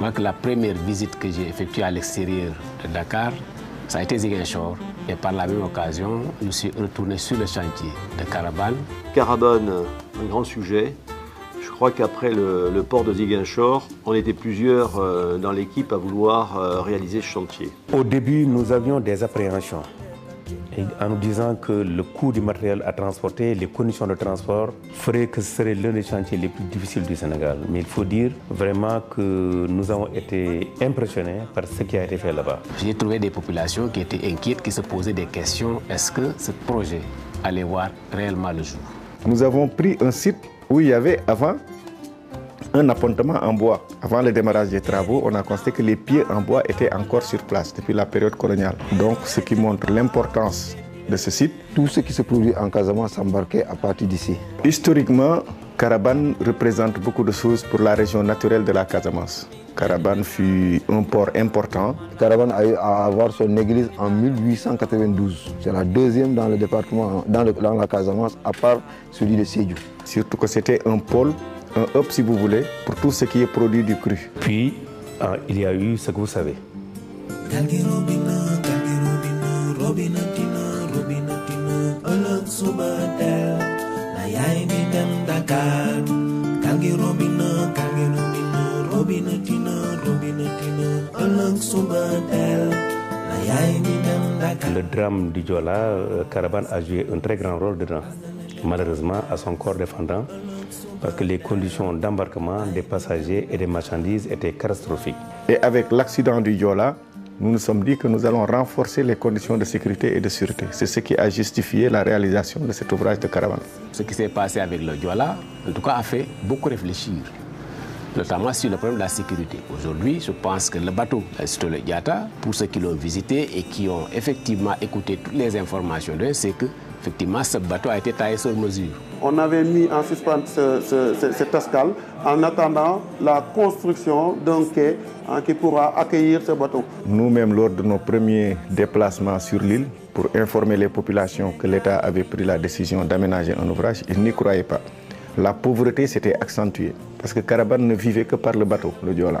crois que la première visite que j'ai effectuée à l'extérieur de Dakar, ça a été Ziguinchor. Et par la même occasion, je suis retourné sur le chantier de Carabane. Carabane, un grand sujet. Je crois qu'après le, le, port de Ziguinchor, on était plusieurs euh, dans l'équipe à vouloir euh, réaliser ce chantier. Au début, nous avions des appréhensions en nous disant que le coût du matériel à transporter, les conditions de transport feraient que ce serait l'un des chantiers les plus difficiles du Sénégal. Mais il faut dire vraiment que nous avons été impressionnés par ce qui a été fait là-bas. J'ai trouvé des populations qui étaient inquiètes, qui se posaient des questions. Est-ce que ce projet allait voir réellement le jour Nous avons pris un site où il y avait avant un appontement en bois. Avant le démarrage des travaux, on a constaté que les pieds en bois étaient encore sur place depuis la période coloniale. Donc, ce qui montre l'importance de ce site. Tout ce qui se produit en Casamance s'embarquait à partir d'ici. Historiquement, Carabane représente beaucoup de choses pour la région naturelle de la Casamance. Carabane fut un port important. Carabane a eu à avoir son église en 1892. C'est la deuxième dans le département, dans, le, la Casamance, à part celui de Sédiou. Surtout que c'était un pôle un hub, si vous voulez, pour tout ce qui est produit du cru. Puis, euh, il y a eu ce que vous savez. Le drame du Diola, euh, Caravan a joué un très grand rôle dedans. Malheureusement, à son corps défendant, parce que les conditions d'embarquement des passagers et des marchandises étaient catastrophiques. Et avec l'accident du Yola, nous nous sommes dit que nous allons renforcer les conditions de sécurité et de sûreté. C'est ce qui a justifié la réalisation de cet ouvrage de caravane. Ce qui s'est passé avec le Yola, en tout cas, a fait beaucoup réfléchir, notamment sur le problème de la sécurité. Aujourd'hui, je pense que le bateau, le Yata, pour ceux qui l'ont visité et qui ont effectivement écouté toutes les informations, c'est que Effectivement, ce bateau a été taillé sur mesure. On avait mis en suspens cette escale en attendant la construction d'un quai hein, qui pourra accueillir ce bateau. Nous-mêmes, lors de nos premiers déplacements sur l'île, pour informer les populations que l'État avait pris la décision d'aménager un ouvrage, ils n'y croyaient pas. La pauvreté s'était accentuée parce que Carabane ne vivait que par le bateau, le Diola.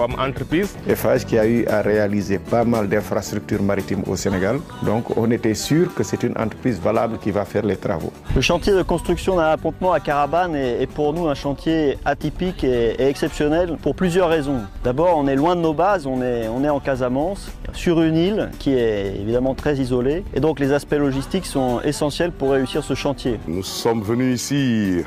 comme entreprise. qui a eu à réaliser pas mal d'infrastructures maritimes au Sénégal. Donc on était sûr que c'est une entreprise valable qui va faire les travaux. Le chantier de construction d'un appontement à Carabane est, pour nous un chantier atypique et, et exceptionnel pour plusieurs raisons. D'abord, on est loin de nos bases, on est, on est en Casamance, sur une île qui est évidemment très isolée. Et donc les aspects logistiques sont essentiels pour réussir ce chantier. Nous sommes venus ici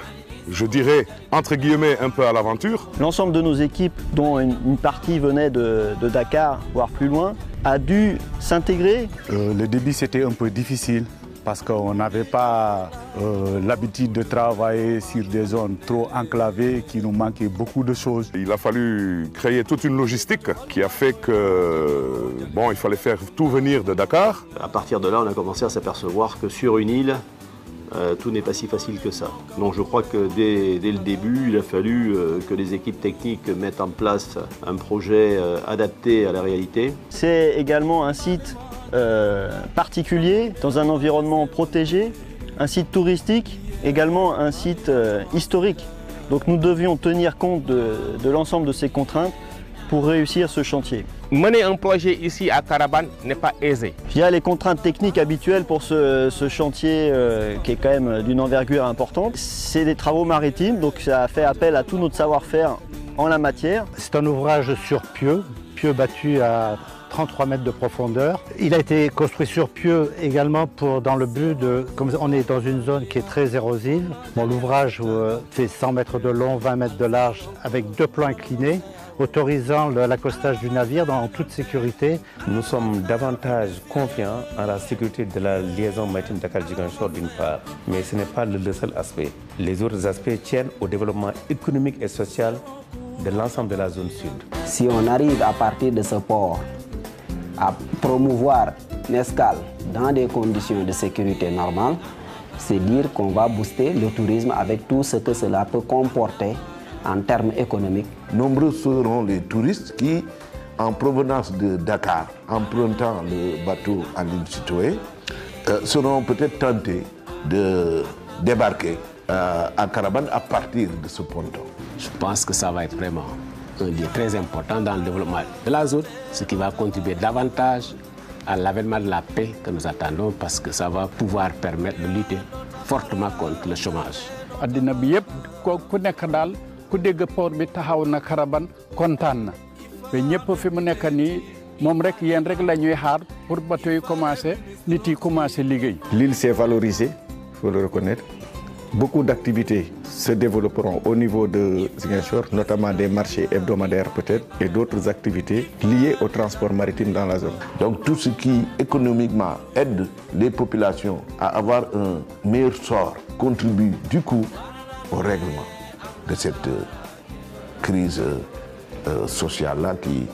je dirais, entre guillemets, un peu à l'aventure. L'ensemble de nos équipes, dont une, partie venait de, Dakar, voire plus loin, a dû s'intégrer. Euh, le début, c'était un peu difficile parce qu'on n'avait pas euh, l'habitude de travailler sur des zones trop enclavées qui nous manquaient beaucoup de choses. Il a fallu créer toute une logistique qui a fait que bon, il fallait faire tout venir de Dakar. À partir de là, on a commencé à s'apercevoir que sur une île, euh, tout n'est pas si facile que ça. Donc je crois que dès, le début, il a fallu euh, que les équipes techniques mettent en place un projet euh, adapté à la réalité. C'est également un site particulier, dans un environnement protégé, un site touristique, également un site historique. Donc nous devions tenir compte de l'ensemble de ces contraintes pour réussir ce chantier. Mener un projet ici à Carabane n'est pas aisé. Il y a les contraintes techniques habituelles pour ce, chantier euh, qui est quand même d'une envergure importante. C'est des travaux maritimes, donc ça fait appel à tout notre savoir-faire en la matière. C'est un ouvrage sur pieux, pieux battu à 33 mètres de profondeur. Il a été construit sur pieux également pour, dans le but de, comme on est dans une zone qui est très érosive, l'ouvrage euh, fait 100 mètres de long, 20 mètres de large, avec deux plans inclinés autorisant l'accostage du navire dans toute sécurité. Nous sommes davantage confiants en la sécurité de la liaison maritime dakar d'une part, mais ce n'est pas le seul aspect. Les autres aspects tiennent au développement économique et social de l'ensemble de la zone sud. Si on arrive à partir de ce port à promouvoir l'escale dans des conditions de sécurité normales, c'est dire qu'on va booster le tourisme avec tout ce que cela peut comporter en termes économiques. Nombreux seront les touristes qui, en provenance de Dakar, empruntant le bateau en l'île euh, seront peut-être tentés de débarquer euh, à Caravane à partir de ce ponton. Je pense que ça va être vraiment un lieu très important dans le développement de la zone, ce qui va contribuer davantage à l'avènement de la paix que nous attendons parce que ça va pouvoir permettre de lutter fortement contre le chômage l'île s'est valorisée il faut le reconnaître beaucoup d'activités se développeront au niveau de Zingachor, notamment des marchés hebdomadaires peut-être et d'autres activités liées au transport maritime dans la zone. Donc tout ce qui économiquement aide les populations à avoir un meilleur sort contribue du coup au règlement de cette euh, crise euh, euh, sociale-là qui,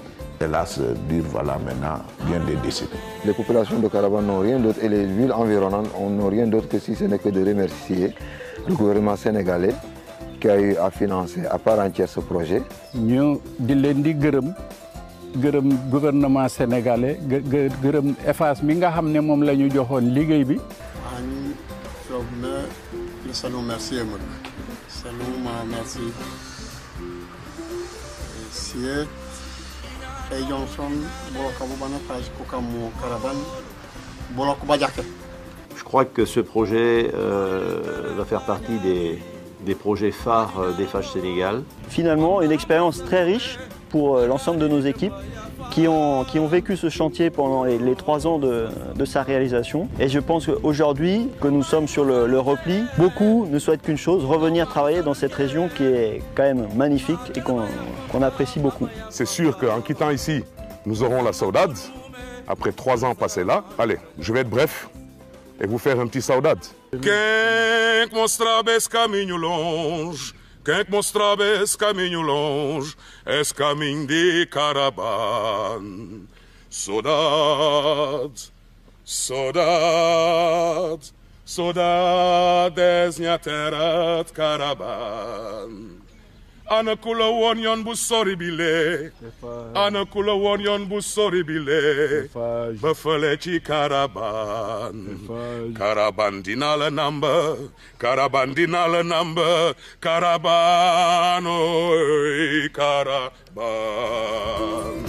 hélas, dure voilà, maintenant bien des décennies. Les populations de Karabakh n'ont rien d'autre et les villes environnantes n'ont rien d'autre que si ce n'est que de remercier le gouvernement sénégalais qui a eu à financer à part entière ce projet. Nous gouvernement sénégalais Merci Je crois que ce projet euh, va faire partie des, projets phares euh, des Fages Sénégal. Finalement, une expérience très riche pour euh, l'ensemble de nos équipes qui ont, qui ont vécu ce chantier pendant les, trois ans de, sa réalisation. Et je pense qu'aujourd'hui, que nous sommes sur le, repli, beaucoup ne souhaitent qu'une chose, revenir travailler dans cette région qui est quand même magnifique et qu'on apprécie beaucoup. C'est sûr qu'en quittant ici, nous aurons la saudade. Après trois ans passés là, allez, je vais être bref et vous faire un petit saudade. Quem que mostrava esse caminho longe, esse caminho de caravana? Saudade, saudade, saudade, minha terra de caravana ana kula la woon yoon bile ana kula la woon yoon bile ba fële ci karaban namba Karabandi nala namba karaban oy